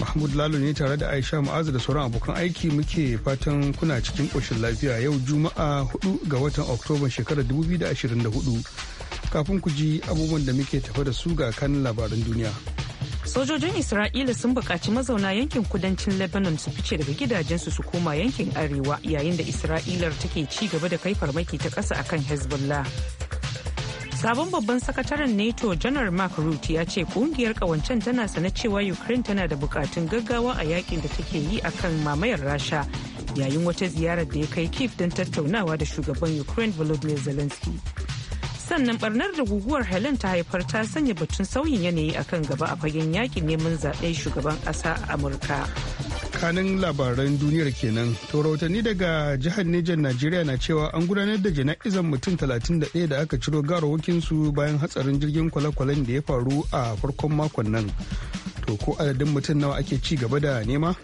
Mahmud Lalo ne tare da Aisha Ma'azu da sauran abokan aiki muke fatan kuna cikin ƙoshin lafiya yau Juma'a 4 ga watan Oktoba shekarar 2024. Kafin ku ji abubuwan da muke tafa da su ga kan labaran duniya. Sojojin Isra'ila sun buƙaci mazauna yankin kudancin Lebanon su fice daga gidajensu su koma yankin arewa yayin da Isra'ilar take ci gaba da kai farmaki ta ƙasa akan Hezbollah. sabon babban sakataren nato janar mark rutte ya ce kungiyar kawancen tana sana cewa ukraine tana da bukatun gaggawa a yakin da take yi a kan mamayar rasha yayin wata ziyarar da ya kai kif don tattaunawa da shugaban ukraine volodymyr zelensky sannan barnar da guguwar helen ta haifar ta sanya batun sauyin yanayi akan gaba a fagen yakin neman zaɓen shugaban ƙasa a amurka kanin labaran duniyar kenan to rahotanni daga jihar Nijar Najeriya na cewa an gudanar da jana'izan mutum 31 da aka ciro su bayan hatsarin jirgin kwale-kwalen da ya faru a farkon makon nan to ko adadin mutum nawa ake ci gaba da nema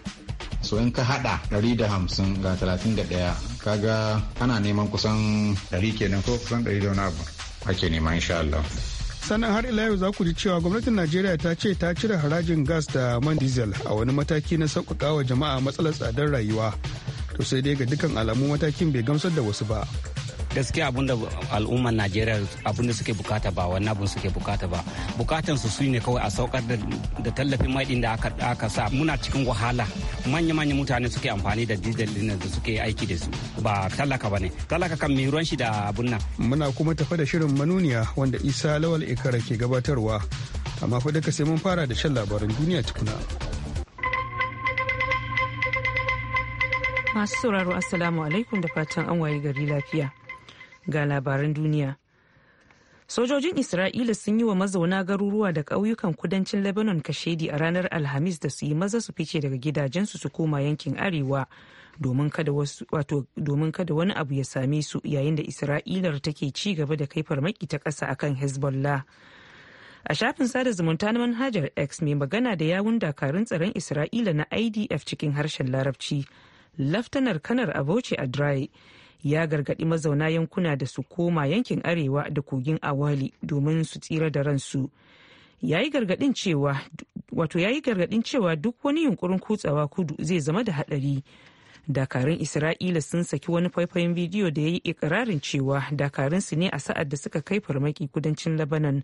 so in ka hada 150 ga 31 kaga ana neman kusan 100 kenan ko kusan 100 da wani abu ake nema insha Allah sannan har ila yau za ku ji cewa gwamnatin najeriya ta ce ta cire harajin gas da man diesel a wani mataki na sauƙaƙa wa jama'a matsalar tsadar rayuwa to sai dai ga dukkan alamu matakin bai gamsar da wasu ba gaskiya da al'ummar najeriya da suke bukata ba wani abin suke bukata ba bukatan su ne kawai a saukar da tallafin mai da aka sa muna cikin wahala manya manya mutane suke amfani da diesel din da suke aiki da su ba talaka ne talaka kan mai ruwan shi da abun nan muna kuma tafa da shirin manuniya wanda isa lawal ikara ke gabatarwa amma fa duka sai mun fara da shan labaran duniya tukuna masu sauraro assalamu alaikum da fatan an waye gari lafiya ga labaran duniya. Sojojin Isra'ila sun yi wa mazauna garuruwa da ƙauyukan kudancin Lebanon kashedi a ranar Alhamis da su yi maza su fice daga gidajensu su koma yankin Arewa domin kada wani abu ya same su yayin da Isra'ilar take ci gaba da kai farmaki ta ƙasa akan Hezbollah. A shafin sada zumunta na manhajar X mai magana da yawun dakarun tsaron Isra'ila na IDF cikin harshen Larabci, Laftanar Kanar a Adrai ya gargadi mazauna yankuna da su koma yankin arewa da kogin awali domin su tsira da ransu ya yi gargadin cewa duk wani yunkurin kutsawa kudu zai zama da hadari dakarun isra'ila sun saki wani faifayin bidiyo da ya yi ikirarin cewa dakarunsu ne a sa'ad da suka kai farmaki kudancin labanan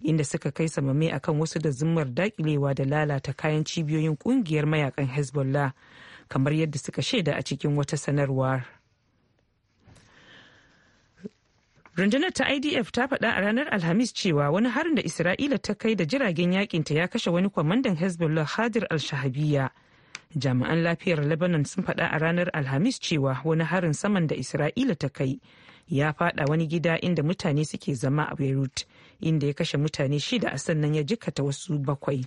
inda suka kai samame akan wasu da zummar dakilewa da lalata kayan cibiyoyin kungiyar mayakan hezbollah kamar yadda suka shaida a cikin wata sanarwar. rundunar ta idf ta faɗa a ranar alhamis cewa wani harin da isra'ila ta kai da jiragen yakinta ya kashe wani kwamandan hezbollah hadir al-shahabiyya jami'an lafiyar lebanon sun faɗa a ranar alhamis cewa wani harin saman da isra'ila ta kai ya faɗa wani gida inda mutane suke zama a beirut inda ya kashe mutane shida a sannan ya jikata wasu bakwai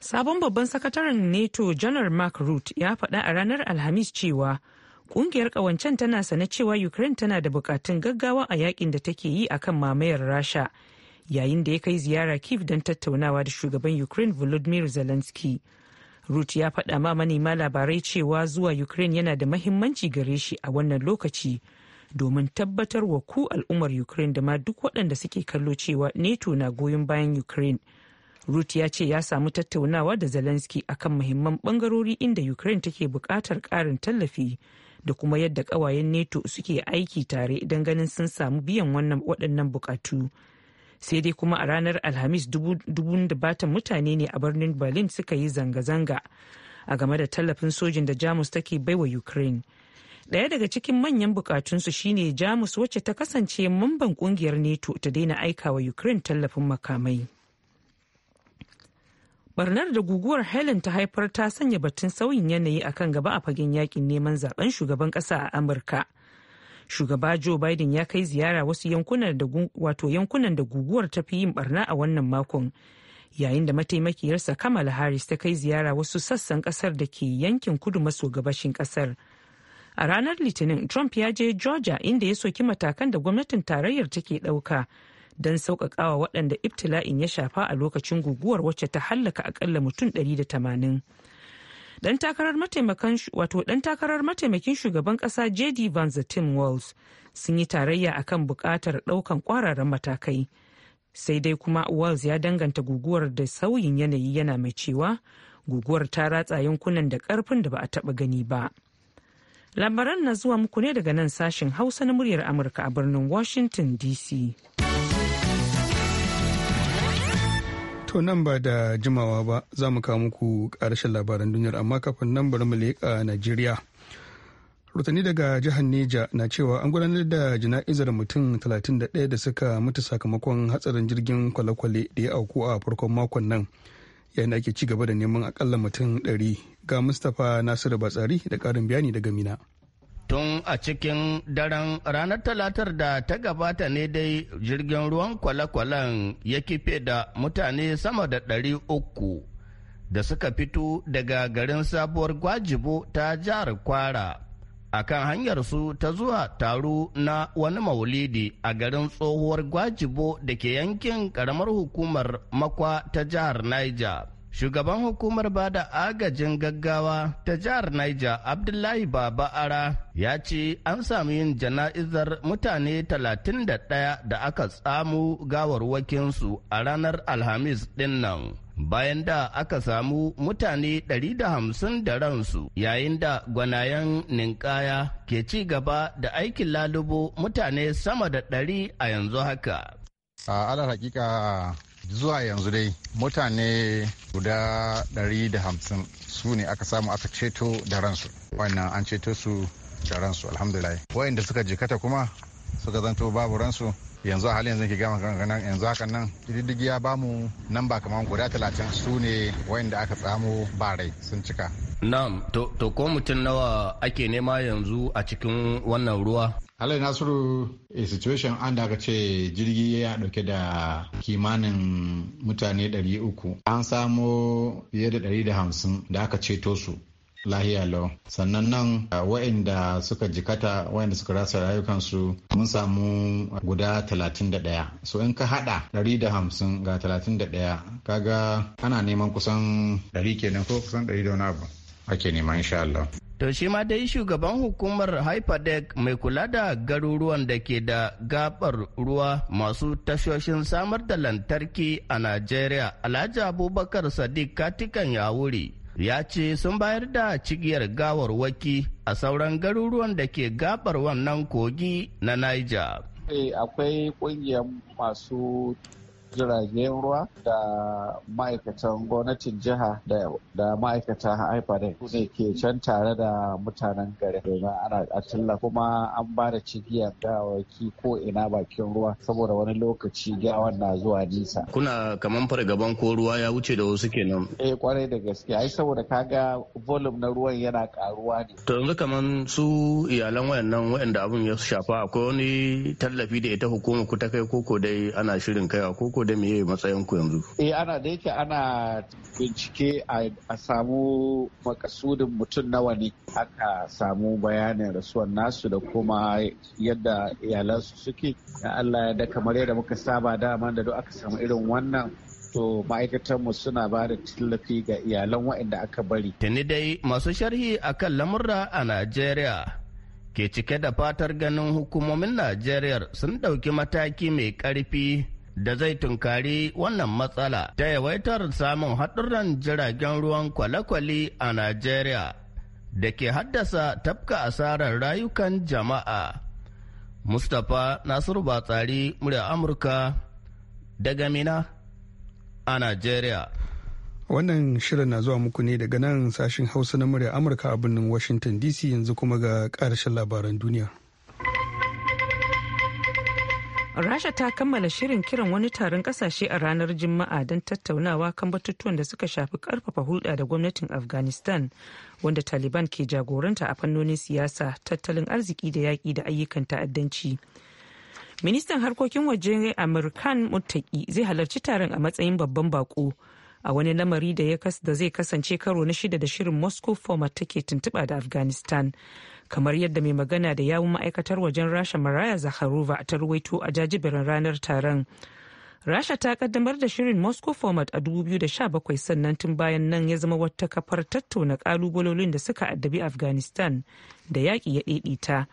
sabon babban sakataren nato janar mark root ya faɗa a ranar alhamis cewa Kungiyar ƙawancen tana sane cewa Ukraine tana da bukatun gaggawa a yakin da take yi akan mamayar Rasha. Yayin da ya kai ziyara Kiev don tattaunawa da shugaban Ukraine Volodymyr Zelensky. root ya faɗa ma manema labarai cewa zuwa Ukraine yana da mahimmanci gare shi a wannan lokaci domin tabbatar wa ku al'ummar Ukraine da ma duk waɗanda suke kallo cewa NATO na goyon bayan Ukraine. root ya ce ya samu tattaunawa da Zelensky akan mahimman bangarori inda Ukraine take buƙatar ƙarin tallafi da kuma yadda kawayen neto suke aiki tare idan ganin sun samu biyan waɗannan bukatu sai dai kuma a ranar alhamis dubun da batan mutane ne a birnin berlin suka yi zanga-zanga a game da tallafin sojin da jamus take baiwa ukraine ɗaya daga cikin manyan bukatunsu shine jamus wacce ta kasance mamban kungiyar neto ta daina aikawa ukraine tallafin makamai barnar da guguwar helen ta haifar ta sanya batun sauyin yanayi akan gaba a fagen yakin neman zaben shugaban kasa a amurka shugaba joe biden ya kai ziyara wasu yankunan da guguwar ta fi yin barna a wannan makon yayin da mataimakiyarsa kamala harris ta kai ziyara wasu sassan kasar da ke yankin kudu maso gabashin kasar a ranar litinin trump ya je georgia inda ya soki matakan da gwamnatin tarayyar take ɗauka don sauƙaƙawa waɗanda ibtila'in ya shafa a lokacin guguwar wacce ta hallaka aƙalla mutum 180. Dan takarar mataimakan wato ɗan takarar mataimakin shugaban kasa JD Van Zetten Walls sun yi tarayya akan buƙatar ɗaukan ƙwararren matakai. Sai dai kuma Walls ya danganta guguwar da sauyin yanayi yana mai cewa guguwar ta ratsa yankunan da ƙarfin da ba a taɓa gani ba. Labaran na zuwa muku ne daga nan sashen Hausa na muryar Amurka a birnin Washington DC. To nan ba da jimawa ba za mu kawo muku ƙarashin labaran duniyar amma kafin nan bari mu leƙa Najeriya. Rutani daga jihar Neja na cewa an gudanar da jana'izar mutum 31 da suka mutu sakamakon hatsarin jirgin kwale-kwale da ya auku a farkon makon nan. Yayin ake ci gaba da neman akalla mutum 100 ga Mustapha Nasiru Batsari da ƙarin bayani daga Mina. tun a cikin daren ranar talatar da ta gabata ne dai jirgin ruwan kwale-kwalen ya kife da mutane sama da ɗari uku da suka fito daga garin sabuwar gwajibo ta jihar kwara a kan hanyarsu ta zuwa taro na wani maulidi a garin tsohuwar gwajibo da ke yankin ƙaramar hukumar makwa ta jihar niger shugaban hukumar ba da agajin gaggawa ta jihar Niger Abdullahi Baba Ara ya ce an samu yin jana'izar mutane 31 da aka tsamu gawarwakinsu a ranar Alhamis ɗin nan. Bayan da aka samu mutane 150 da ransu yayin da gwanayen ninkaya ke ci gaba da aikin lalubo mutane sama da 100 a yanzu haka. A alal hakika zuwa yanzu dai mutane guda 150 su ne aka samu aka ceto da ransu wannan an ceto su da ransu alhamdulillah wayanda suka jikata kuma suka zanto babu ransu yanzu a halin yanzu ke gama gangan yanzu haka nan diddigi ya bamu nan ba kamar guda talatin su ne wayanda aka tsamo barai sun cika na'am to ko mutum nawa ake nema yanzu a cikin wannan ruwa halayi Nasiru a eh, situation an da aka ce jirgi ya dauke da kimanin mutane 300. An samo fiye da 150 da aka ceto su lahiya lau. Sannan nan wa'inda suka jikata wa'inda suka rasa rayukansu mun samu guda 31. So in ka hada 150 ga 31 kaga ana neman kusan 100 kenan ko kusan 100 da wani abu. Ake neman insha Allah. To shi ma dai shugaban hukumar Hyperdeck mai kula da garuruwan da ke da gabar ruwa masu tashoshin samar da lantarki a Najeriya, Alhaji Abubakar Sadiq Katikan Yawuri, ya ce sun bayar da cigiyar gawarwaki a sauran garuruwan da ke gabar wannan kogi na Niger. Eh, akwai ƙungiyar masu jiragen ruwa da ma'aikatan gwamnatin jiha da ma'aikatan haifa da ne ke can tare da mutanen gari domin ana atilla kuma an ba da cigiyar dawaki ko ina bakin ruwa saboda wani lokaci gawan na zuwa nisa. Kuna kaman fargaban ko ruwa ya wuce da wasu kenan. Eh kwarai da gaske ai saboda kaga volume na ruwan yana karuwa ne. To yanzu kaman su iyalan wayannan wayanda abun ya shafa akwai wani tallafi da ita hukuma ku ta kai koko dai ana shirin kaiwa koko ko da meye matsayin ku yanzu eh ana da yake ana bincike a samu makasudin mutum nawa ne aka samu bayanin rasuwar nasu da kuma yadda iyalansu suke Allah ya da kamar yadda muka saba dama da duk aka samu irin wannan to ma'aikatanmu suna ba da tallafi ga iyalan waɗanda aka bari. Tuni dai masu sharhi akan lamurra a Najeriya ke cike da fatar ganin hukumomin Najeriya sun ɗauki mataki mai ƙarfi da zai tunkari wannan matsala ta yawaitar samun haɗurran jiragen ruwan kwale-kwale a Najeriya da ke haddasa tafka asarar rayukan jama'a. Mustapha Nasiru Batsari murya Amurka daga Mina a Najeriya. Wannan shirin na zuwa muku ne daga nan sashen Hausa na murya Amurka a birnin Washington DC yanzu kuma ga ƙarshen labaran duniya. rasha ta kammala shirin kiran wani taron kasashe a ranar juma'a don tattaunawa kan batutuwan da suka shafi karfafa hulɗa da gwamnatin afghanistan wanda taliban ke jagoranta a fannonin siyasa tattalin arziki da yaƙi da ayyukan ta'addanci ministan harkokin waje amurkan muttaki zai halarci taron a matsayin babban bako a wani lamari da zai kasance karo na shida da shirin moscow format take tuntuɓa da afghanistan kamar yadda mai magana da yawun ma'aikatar wajen rasha maraya zakharova ta ruwaito a jajiberin ranar taron rasha ta kaddamar da shirin moscow format a 2017 sannan tun bayan nan ya zama wata kafar tattauna kalubalolin da suka addabi afghanistan da yaƙi ya ɗaiɗita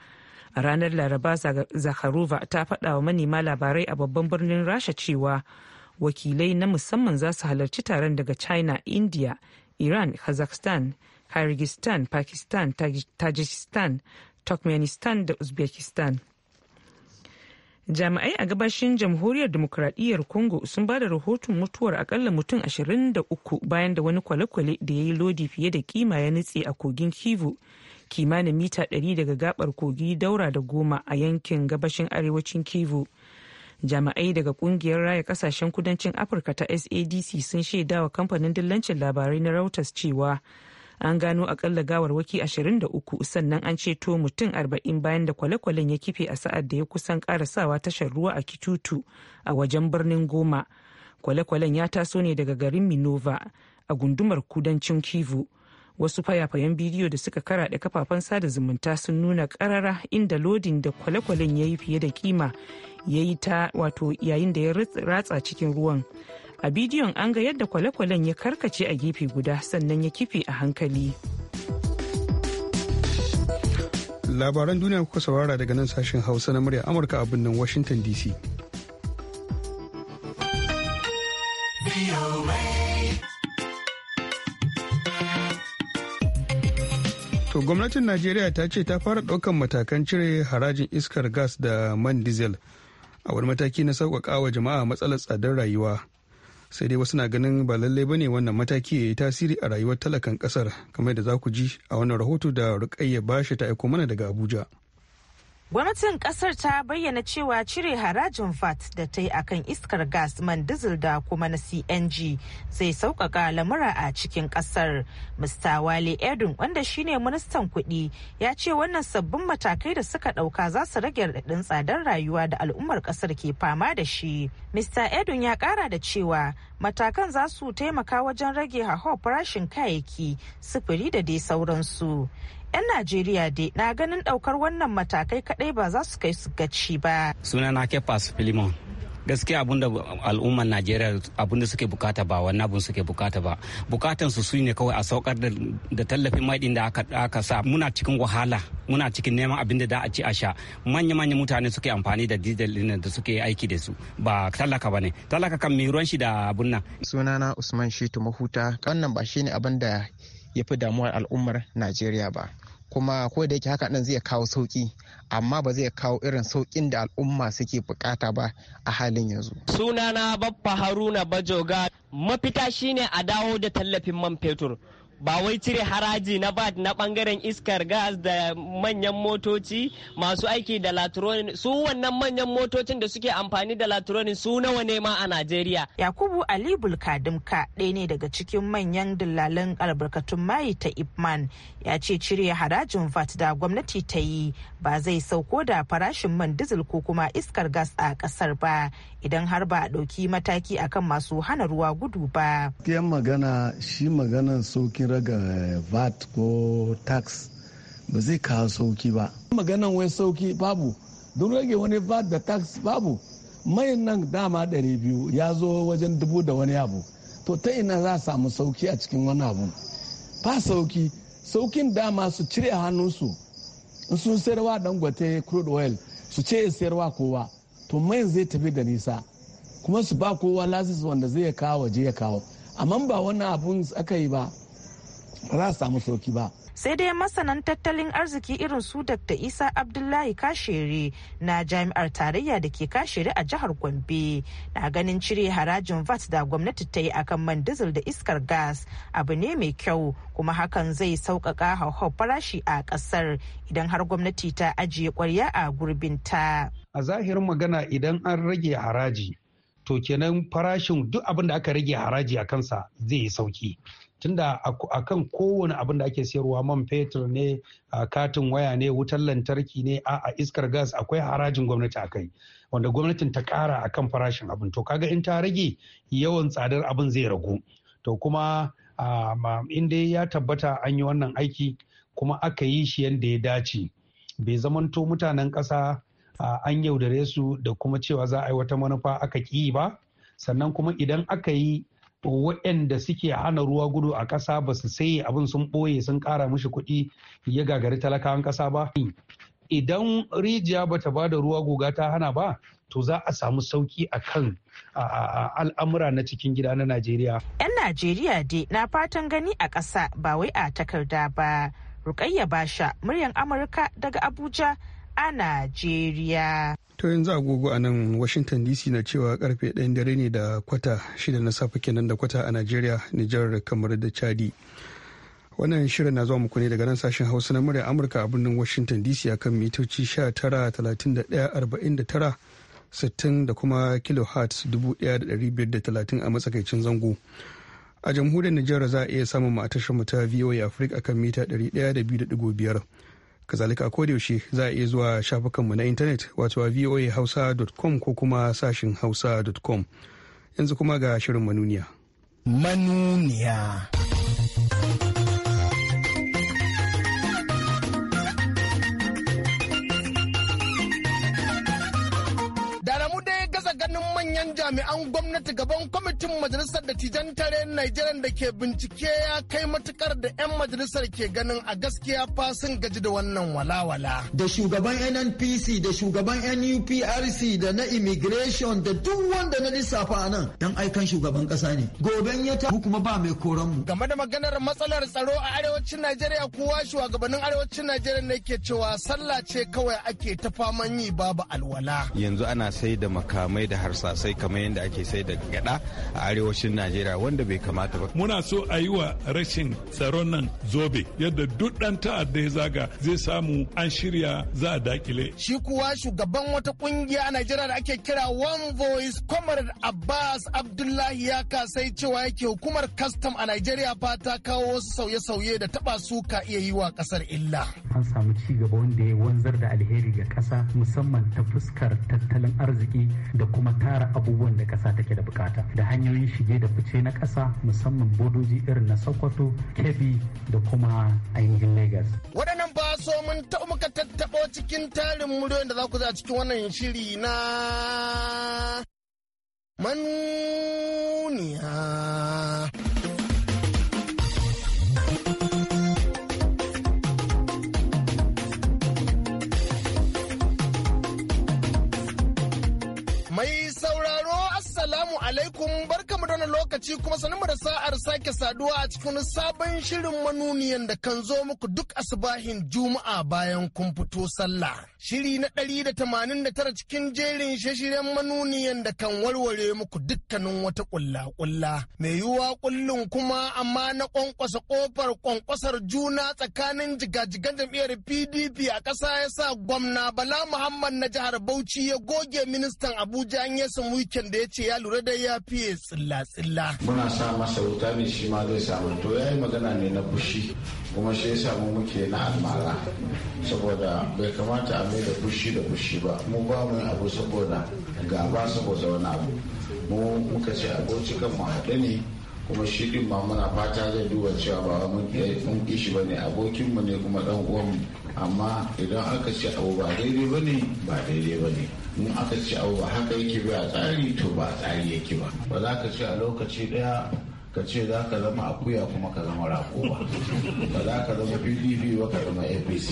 a ranar laraba zakharova ta faɗa wa manema labarai a babban birnin rasha cewa wakilai na musamman za su halarci taron daga china india iran kazakhstan kyrgyzstan pakistan tajikistan turkmenistan da uzbekistan jami'ai a gabashin jamhuriyar demokuraɗiyyar congo sun ba da rahoton mutuwar akalla mutum 23 bayan da wani kwale-kwale da ya yi lodi fiye da kima ya nutse a kogin kivu kimanin mita 100 daga gabar kogi daura da goma a yankin gabashin arewacin kivu jami'ai daga kungiyar raya kasashen kudancin afirka ta sadc sun shaidawa kamfanin dillancin labarai na reuters cewa an gano akalla gawarwaki 23 sannan an ceto mutum 40 bayan da kwale-kwalen ya kife a sa'ad da ya kusan karasawa tashar ruwa a kitutu a wajen birnin goma kwale-kwalen ya taso ne daga garin minova a gundumar kudancin kivu wasu fayafayen bidiyo da suka karaɗe kafafen sada zumunta sun nuna karara inda lodin da kwale-kwalen ya yi fiye da kima ya yi ta wato yayin da ya ratsa cikin ruwan a bidiyon an ga yadda kwale-kwalen ya karkace a gefe guda sannan ya kife a hankali labaran duniya kuka saurara daga nan sashen hausa na murya amurka a birnin washington dc To gwamnatin Najeriya ta ce ta fara daukan matakan cire harajin iskar gas da man diesel a wani mataki na sauƙaƙa wa jama'a matsalar tsadar rayuwa. sai dai wasu na ganin ba lallai bane wannan mataki ya yi tasiri a rayuwar talakan kasar kamar da za ku ji a wannan rahoto da rukayya bashi ta aiko mana daga abuja Gwamnatin kasar ta bayyana cewa cire harajin VAT da ta yi akan iskar gas man dizil da kuma na CNG zai sauƙaƙa lamura a cikin kasar. Mr. Wale Edun wanda shine ministan kuɗi ya ce wannan sabbin matakai da suka ɗauka za su rage raɗaɗin tsadar rayuwa da al'ummar kasar ke fama da shi. Mr. Edun ya ƙara da cewa matakan za su taimaka wajen rage hauhawar farashin kayayyaki sufuri da dai sauransu. 'yan najeriya dai na ganin daukar wannan matakai kadai ba za su kai su gaci ba sunana kefas filimon gaskiya abinda al'ummar najeriya abinda suke bukata ba wannan abin suke bukata ba bukatan su ne kawai a saukar da tallafin mai da aka sa muna cikin wahala muna cikin neman abin da a ci a sha manya manya mutane suke amfani da diesel din da suke aiki da su ba talaka bane talaka kan mai ruwan shi da abun nan sunana usman shitu mahuta wannan ba shine abin da ya fi damuwar al'ummar najeriya ba kuma ko da yake haka nan zai kawo sauki amma ba zai kawo irin saukin da al'umma suke bukata ba a halin yanzu sunana baffa haruna bajoga mafita shine a dawo da tallafin man fetur ba wai cire haraji na bad na bangaren iskar gas da manyan motoci masu aiki da latronin su wannan manyan motocin da suke amfani da latronin su nawa ne ma a Najeriya. Yakubu Ali Bulkadimka ɗaya ne daga cikin manyan dillalan albarkatun mayi ta Ipman ya ce cire harajin VAT da gwamnati ta yi ba zai sauko da farashin man dizil ko kuma iskar gas a ƙasar ba idan har ba a ɗauki mataki akan masu hana ruwa gudu ba. magana shi maganan saukin raga eh, vat ko tax ba zai kawo sauki ba maganan wai sauki babu don rage wani vat da tax babu mayan nan dama biyu ya zo wajen dubu da wani abu to ta ina za a samu sauki a cikin wani abu ba sauki saukin dama su cire hannunsu in sun sayarwa dangote crude oil su ce sayarwa kowa to mayan zai tafi da nisa kuma su ba kowa lasis wanda zai kawo waje ya kawo amma ba wani abun aka yi ba ba za su samu sauki ba sai dai masanan tattalin arziki irin su dr isa abdullahi kashere na jami'ar tarayya da ke kashere a jihar gombe na ganin cire harajin vat da gwamnati ta yi akan man diesel da iskar gas abu ne mai kyau kuma hakan zai sauƙaƙa hauhau farashi a ƙasar idan har gwamnati ta ajiye ƙwarya a gurbin ta. a zahirin magana idan an rage haraji to kenan farashin duk abin da aka rage haraji a kansa zai yi sauki tunda a kan kowane abin da ake sayarwa man fetur ne katin waya ne wutar lantarki ne a iskar gas akwai harajin gwamnati a kai wanda gwamnatin ta kara a kan farashin abin to kaga in ta rage yawan tsadar abin zai ragu to kuma in dai ya tabbata an yi wannan aiki kuma aka yi shi yadda ya dace bai zamanto mutanen ƙasa an yaudare su da kuma cewa za a yi wata manufa aka kiyi ba sannan kuma idan aka yi waɗanda suke hana ruwa gudu a ƙasa ba su sai abin sun ɓoye sun ƙara mishi kuɗi ya gagari talakawan ƙasa ba idan rijiya bata ba da ruwa goga ta hana ba to za a samu sauki a kan al'amura na cikin gida na najeriya 'yan najeriya dai na fatan gani a ƙasa ba wai a takarda ba rukayya basha muryan amurka daga abuja a Najeriya. To yanzu agogo a nan Washington DC na cewa karfe ɗayan dare ne da kwata shida na safe kenan da kwata a Najeriya, Nijar kamar da Chadi. Wannan shirin na zuwa muku ne daga nan sashen Hausa na murya Amurka a birnin Washington DC akan mitoci 19 sittin da kuma kilohertz 1530 a matsakaicin zango. A jamhuriyar Nijar za a iya samun matashin mu ta VOA Africa akan mita 102.5. kazalika a yaushe za a iya zuwa shafukanmu na intanet wato a voahausa.com ko kuma sashin hausa.com yanzu kuma ga shirin manuniya manuniya jami'an gwamnati gaban kwamitin majalisar dattijan tare Nigeria da ke bincike ya kai matukar da 'yan majalisar ke ganin a gaskiya fasin gaji da wannan walawala. Da shugaban NNPC da shugaban NUPRC da na immigration da duk wanda na lissafa a nan dan aikan shugaban kasa ne. Goben ya ta kuma ba mai koran mu. Game da maganar matsalar tsaro a arewacin Najeriya kuwa shugabannin arewacin Najeriya ne ke cewa sallah ce kawai ake ta faman yi babu alwala. Yanzu ana sai da makamai da harsasai kamar kamar yadda ake sai da gada a arewacin najeriya wanda bai kamata ba muna so a yi wa rashin tsaron nan zobe yadda duk dan ta'adda ya zaga zai samu an shirya za a dakile shi kuwa shugaban wata kungiya a najeriya da ake kira one voice comrade abbas abdullahi ya kasai cewa yake hukumar custom a najeriya fa ta kawo wasu sauye-sauye da taba su ka iya yi wa kasar illa an samu ci gaba wanda ya wanzar da alheri ga kasa musamman ta fuskar tattalin arziki da kuma tara abubuwan abubuwan da kasa take da bukata da hanyoyin shige da fice na ƙasa musamman bodoji irin na sokoto kebbi da kuma ainihin lagos waɗannan ba so mun taɓa muka tattaɓo cikin tarin muryoyin da za ku za cikin wannan shiri na manuniya Come back. wani lokaci kuma sanin mu da sa'ar sake saduwa a cikin sabon shirin manuniyan da kan zo muku duk asubahin juma'a bayan kun fito sallah. Shiri na ɗari da tamanin da tara cikin jerin shashiren manuniyan da kan warware muku dukkanin wata ƙulla-ƙulla. Mai yiwuwa ƙullun kuma amma na ƙwanƙwasa ƙofar ƙwanƙwasar juna tsakanin jigajigan jam'iyyar PDP a ƙasa ya sa gwamna Bala Muhammad na jihar Bauchi ya goge ministan Abuja an yi da ya ce ya lura da ya fiye tsilla tsilla muna sa masa wuta ne shi ma zai samu to ya yi magana ne na fushi kuma shi ya samu muke na almara saboda bai kamata a mai da fushi da fushi ba mu ba mu abu saboda gaba saboda wani abu mu muka ce aboci kan mu haɗe ne kuma shi din ma muna fata zai duba cewa ba mun mun kishi bane abokin mu ne kuma dan uwan amma idan aka ce abu ba daidai bane ba daidai bane in aka ce abu haka yake ba a tsari to ba a tsari yake ba ba za ka ce a lokaci daya ka ce za ka zama akuya kuma ka zama rako ba ba za ka zama pdp ba ka zama apc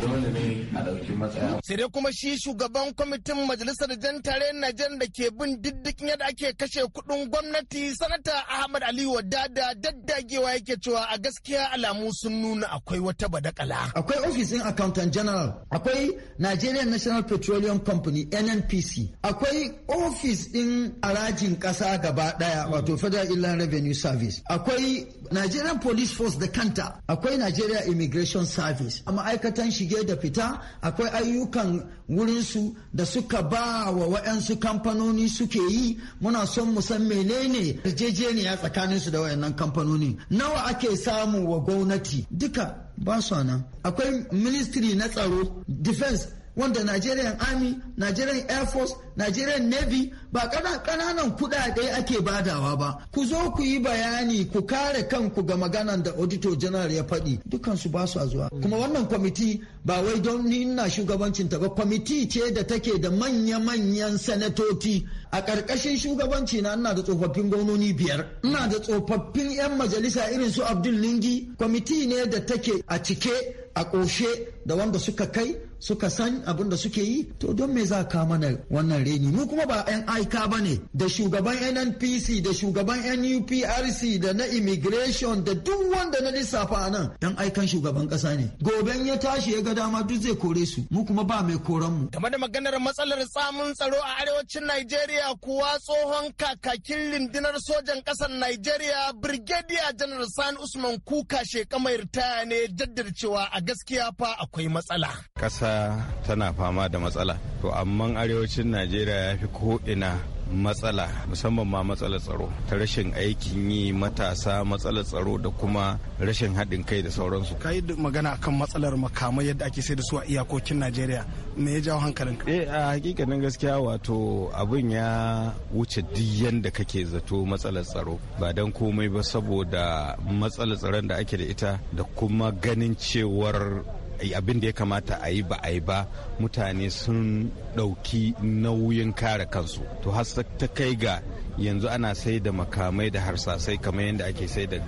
dole ne a ɗauki matsaya. sai dai kuma shi shugaban kwamitin majalisar jan tare najen da ke bin diddikin yadda ake kashe kuɗin gwamnati sanata ahmad ali wadada daddagewa yake cewa a gaskiya alamu sun nuna akwai wata badakala. akwai ofisin accountant general akwai nigerian national petroleum company nnpc akwai ofis ɗin harajin kasa gaba ɗaya wato federal Revenue Service, akwai Nigerian Police Force da kanta, akwai Nigeria Immigration Service, a ma'aikatan shige da fita, akwai ayyukan wurinsu da suka ba wa kamfanoni suke yi, muna son musan menene yarjejeniya tsakaninsu da wayannan kamfanoni. Nawa ake samu wa gwamnati? Duka ba su nan. Akwai Ministry na Tsaro, Defense, wanda Nigerian Army, Nigerian Air Force, Nigerian Navy ba ƙananan kuɗaɗe ake badawa ba. Ku zo ku yi bayani ku kare kanku ga maganan da Auditor General ya faɗi dukansu ba su zuwa. Kuma wannan kwamiti ba wai don ni ina shugabancin ta ba kwamiti ce da take da manya-manyan sanatoci a ƙarƙashin shugabanci na ina da tsofaffin gwamnoni biyar. Ina da tsofaffin 'yan majalisa irin su Abdul Lingi kwamiti ne da take a cike a ƙoshe da wanda suka kai suka san abin da suke yi to don me za ka mana wannan reni mu kuma ba 'yan aika ba ne da shugaban nnpc da shugaban nuprc da na immigration da duk wanda na lissafa a nan 'yan aikan shugaban kasa ne goben ya tashi ya ga dama duk zai kore su mu kuma ba mai koran mu game da maganar matsalar samun tsaro a arewacin nigeria kuwa tsohon kakakin rundunar sojan kasar nigeria brigadier general sani usman kuka sheka mai ritaya ne jaddar cewa a gaskiya fa akwai matsala kasa tana fama da matsala to amma arewacin najeriya ya fi ko'ina matsala musamman ma matsalar tsaro ta rashin aikin yi matasa matsalar tsaro da kuma rashin haɗin kai da sauransu ka yi magana akan matsalar makamai yadda ake sai da su a iyakokin najeriya me ya jawo hankalin ka eh, a hakikanin gaskiya wato abin ya wuce duk yadda kake zato matsalar tsaro ba dan komai ba saboda matsalar tsaron da ake da ita da kuma ganin cewar abin da ya kamata a yi ba a yi ba mutane sun ɗauki nauyin kare kansu to har ta kai ga yanzu ana sai da makamai da harsasai kamar yadda ake sai da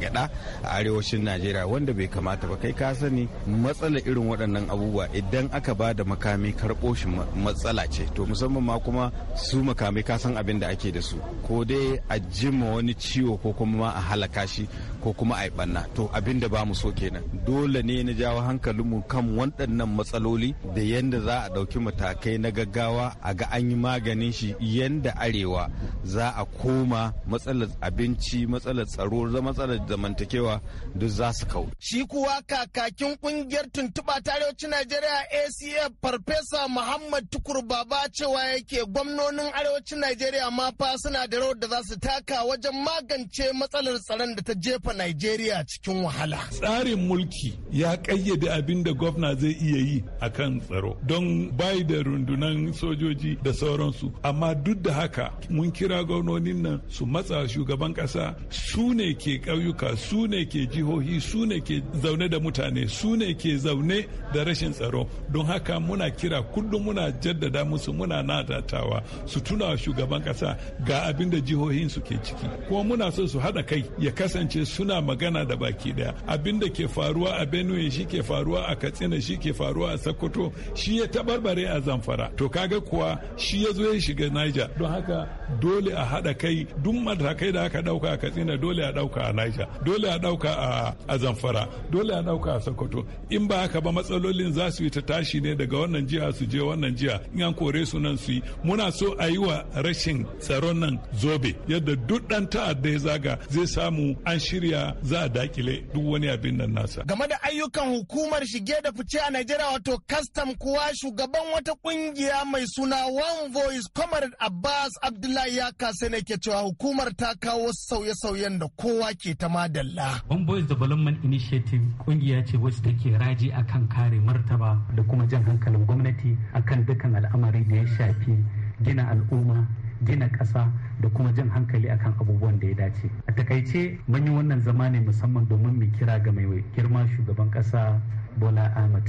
gada a arewacin najeriya wanda bai kamata ba kai ka sani matsala irin waɗannan abubuwa idan aka ba da makami karɓo shi matsala ce to musamman ma kuma su makamai ka san abin da ake da su ko dai a jima wani ciwo ko kuma a halaka shi ko kuma a yi ɓanna to abin da ba mu so kenan dole ne na jawo hankalinmu kan waɗannan matsaloli da yadda za a ɗauki matakai na gaggawa a ga an yi maganin shi yadda arewa za a koma matsalar abinci matsalar tsaro matsalar zamantakewa duk za su kau. Shi kuwa kakakin kungiyar tuntuɓa tarihocin Najeriya ACF Farfesa Muhammad Tukur Baba cewa yake gwamnonin arewacin Najeriya ma fa suna da rawar da za su taka wajen magance matsalar tsaron da ta jefa Najeriya cikin wahala. Tsarin mulki ya ƙayyade abin da gwamna zai iya yi a kan tsaro don bai da rundunan sojoji da sauransu amma duk da haka mun kira kira gwamnonin nan su matsa shugaban kasa su ne ke ƙauyuka su ne ke jihohi su ne ke zaune da mutane su ne ke zaune da rashin tsaro don haka muna kira kullum muna jaddada musu muna nadatawa su tuna wa shugaban kasa ga abin da jihohin su ke ciki kuma muna so su haɗa kai ya kasance suna magana da baki ɗaya abin da ke faruwa a benue shi ke faruwa a katsina shi ke faruwa a sokoto shi ya tabarbare a zamfara to kaga kuwa shi ya zo ya shiga niger don haka dole dole a haɗa kai duk matakai da aka ɗauka a katsina dole a ɗauka a naija dole a ɗauka a zamfara dole a ɗauka a sokoto in ba haka ba matsalolin za su yi ta tashi ne daga wannan jiha su je wannan jiha in an kore su nan su yi muna so a yi wa rashin tsaron nan zobe yadda duk ɗan ta'adda ya zaga zai samu an shirya za a dakile duk wani abin nan nasa game da ayyukan hukumar shige da fice a najeriya wato kastam kuwa shugaban wata kungiya mai suna one voice comrade abbas abdullahi ya haka sai ne ke cewa hukumar ta kawo sauye-sauyen da kowa ke ta madalla. One Boys Development Initiative kungiya ce wacce take raji akan kare martaba da kuma jan hankalin gwamnati akan dukkan al'amari da ya shafi gina al'umma gina ƙasa da kuma jan hankali akan abubuwan da ya dace a takaice mun wannan zama ne musamman domin mu kira ga mai girma shugaban ƙasa bola ahmad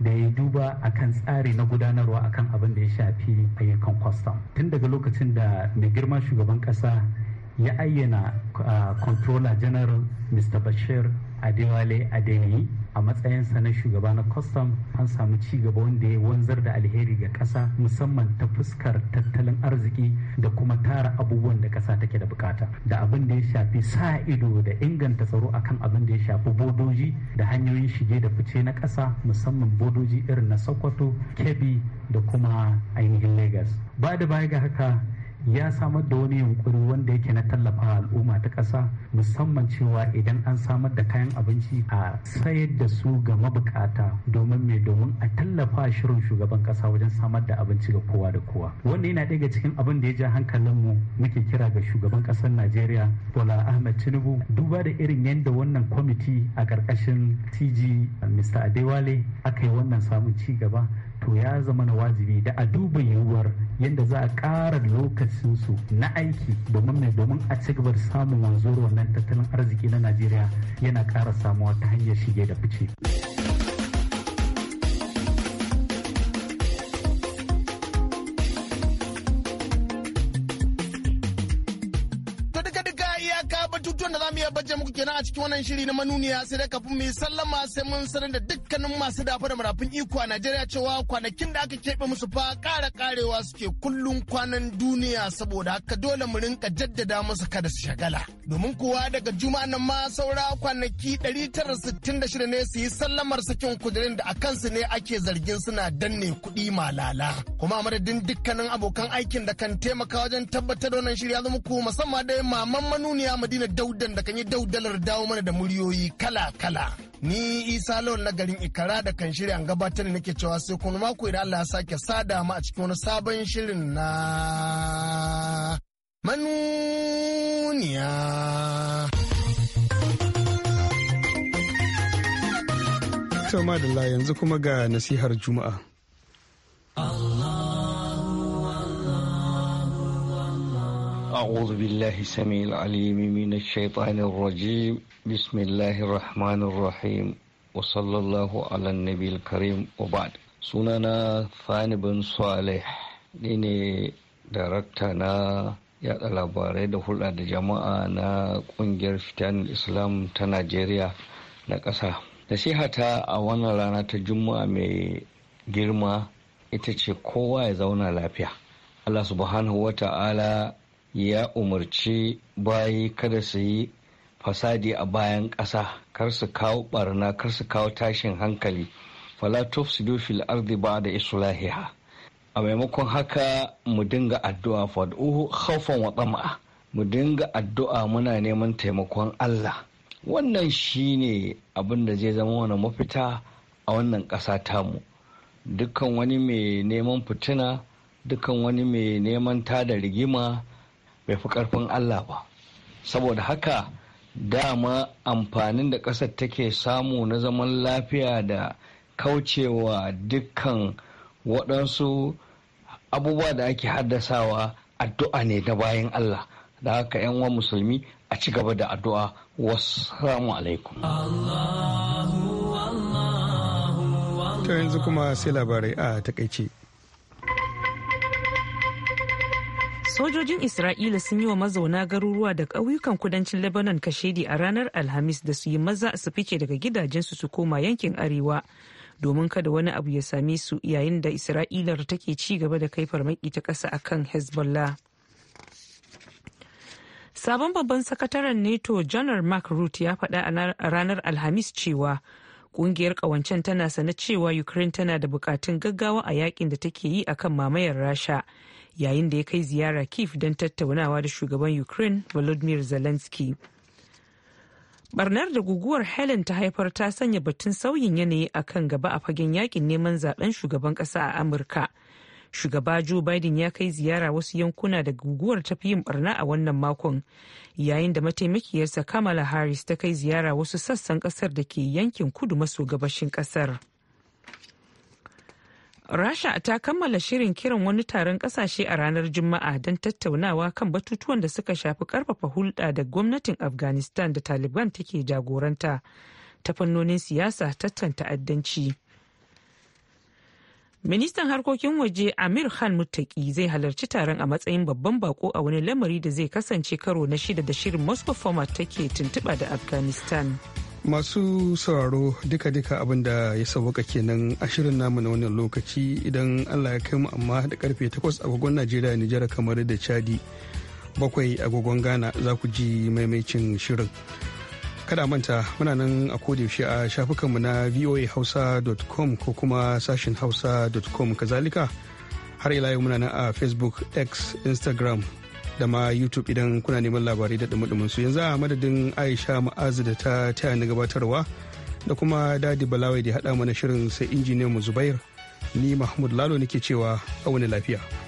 da ya duba akan tsari na gudanarwa akan abin da ya shafi ayyukan kwastam tun daga lokacin da mai girma shugaban kasa ya ayyana ah, controller general mr bashir adewale adeniyi a matsayinsa na shugaba na kwastam an samu ci gaba wanda ya wanzar da alheri ga ƙasa musamman ta fuskar tattalin arziki da kuma tara abubuwan da ƙasa take da bukata da abin da ya shafi sa ido da inganta tsaro akan abin da ya shafi bodoji da hanyoyin shige da fice na ƙasa musamman bodoji irin na sokoto kebbi da kuma ainihin Legas ba da baya ga haka ya samar da wani yunkuri wanda yake na tallafa al'umma ta ƙasa musamman cewa idan an samar da kayan abinci a sayar da su ga mabukata domin mai domin a tallafa shirin shugaban ƙasa wajen samar da abinci ga kowa da kowa Wanda yana daga cikin abin da ya ja hankalinmu muke kira ga shugaban ƙasar najeriya bola ahmed tinubu duba da irin yadda wannan kwamiti a ƙarƙashin tg mr adewale aka yi wannan samun ci gaba to ya zama na wajibi da a duba yiwuwar yadda za a ƙara lokacinsu na aiki domin mai domin a ci gaba da samun wanzuwar wannan tattalin arziki na najeriya yana ƙara samuwa ta hanyar shige da fice. a cikin wannan shiri na manuniya sai da kafin mu sallama sai mun sanar da dukkanin masu dafa da marafin iko a Najeriya cewa kwanakin da aka keɓe musu fa ƙara ƙarewa suke kullun kwanan duniya saboda haka dole mu rinka jaddada musu kada su shagala. Domin kuwa daga juma'a nan ma saura kwanaki 966 ne su yi sallamar sakin kudirin da a kansu ne ake zargin suna danne kuɗi malala. Kuma madadin dukkanin abokan aikin da kan taimaka wajen tabbatar da wannan ya zama ku musamman dai maman manuniya Madina Daudan da kan yi daudalar dawo mana da muryoyi kala-kala. Ni Isa Lawan na garin Ikara da kan shirya gabatar da nake cewa sai kuma mako idan Allah ya sake sada mu a cikin wani sabon shirin na manuniya. Tama da yanzu kuma ga nasihar Juma'a. Allah. أعوذ بالله السميع العليم من الشيطان الرجيم بسم الله الرحمن الرحيم وصلى الله على النبي الكريم وبعد sunana Fani bin Saleh ni ne darakta na yada labarai da hulɗa da jama'a na ƙungiyar fitan Islam ta Najeriya na ƙasa. Nasihata a wannan rana ta Juma'a mai girma ita ce kowa ya zauna lafiya. Allah subhanahu wa ta'ala ya umarci bayi kada su yi fasadi a bayan ƙasa kar su kawo barna kar su kawo tashin hankali fala tufsidu fil ardi ba'da islahiha a maimakon haka mu dinga addu'a fad'uhu khawfan wa mu dinga addu'a muna neman taimakon Allah wannan shine abin da zai zama wani mafita a wannan ƙasa tamu dukkan wani mai neman fitina dukkan wani mai neman tada rigima bai fi karfin Allah ba saboda haka dama amfanin da ƙasar take samu na zaman lafiya da kaucewa dukkan waɗansu abubuwa da ake haddasawa addu'a ne da bayan Allah da haka 'yan wa musulmi a ci gaba da addu'a wasu alaikum ta yanzu kuma sai labarai a takaice sojojin isra'ila sun yi wa mazauna garuruwa da ƙauyukan kudancin lebanon kashedi a ranar alhamis da su yi maza su fice daga gidajensu su koma yankin arewa domin kada wani abu ya same su yayin da isra'ilar take ci gaba da kai farmaki ta ƙasa a kan hezbollah sabon babban sakataren nato janar mark root ya faɗa a ranar alhamis cewa ƙungiyar ƙawancen tana sane cewa ukraine tana da bukatun gaggawa a yakin da take yi akan mamayar rasha yayin da ya kai ziyara kif don tattaunawa da shugaban ukraine volodymyr zelensky barnar da guguwar helen ta haifar ta sanya batun sauyin yanayi a kan gaba a fagen yakin neman zaben shugaban kasa a amurka shugaba joe biden ya kai ziyara wasu yankuna da guguwar ta fi yin barna a wannan makon yayin da mataimakiyarsa kamala harris ta kai ziyara wasu sassan kasar da ke yankin kudu maso gabashin kasar Rasha ta kammala shirin kiran wani taron kasashe a ranar Juma'a don tattaunawa kan batutuwan da suka shafi karfafa hulɗa da gwamnatin Afghanistan da Taliban take jagoranta ta fannonin siyasa tattan ta'addanci. Ministan harkokin waje Amir Khan Muttaki zai halarci taron a matsayin babban bako a wani lamari da zai kasance karo na shida da shirin Moscow format take tuntuɓa da Afghanistan. Masu sauraro duka-duka abin da ya sauwaka kenan a shirin namu na wannan lokaci idan Allah ya kai mu amma da karfe 8 agogon Najeriya Nijar kamar da Chadi bakwai agogon Ghana za ku ji maimaicin shirin. Kada manta muna nan a yaushe a shafukanmu na voahausa.com ko kuma sashin hausa.com kazalika har ila yau muna nan a Facebook, X, Instagram da ma youtube idan kuna neman labarai da dumudumin su yanzu a madadin aisha ma'azu da ta taya na gabatarwa da kuma dadi balawai da haɗa mana shirin sai injiniyan mu zubair ni mahmud lalo nake cewa a wani lafiya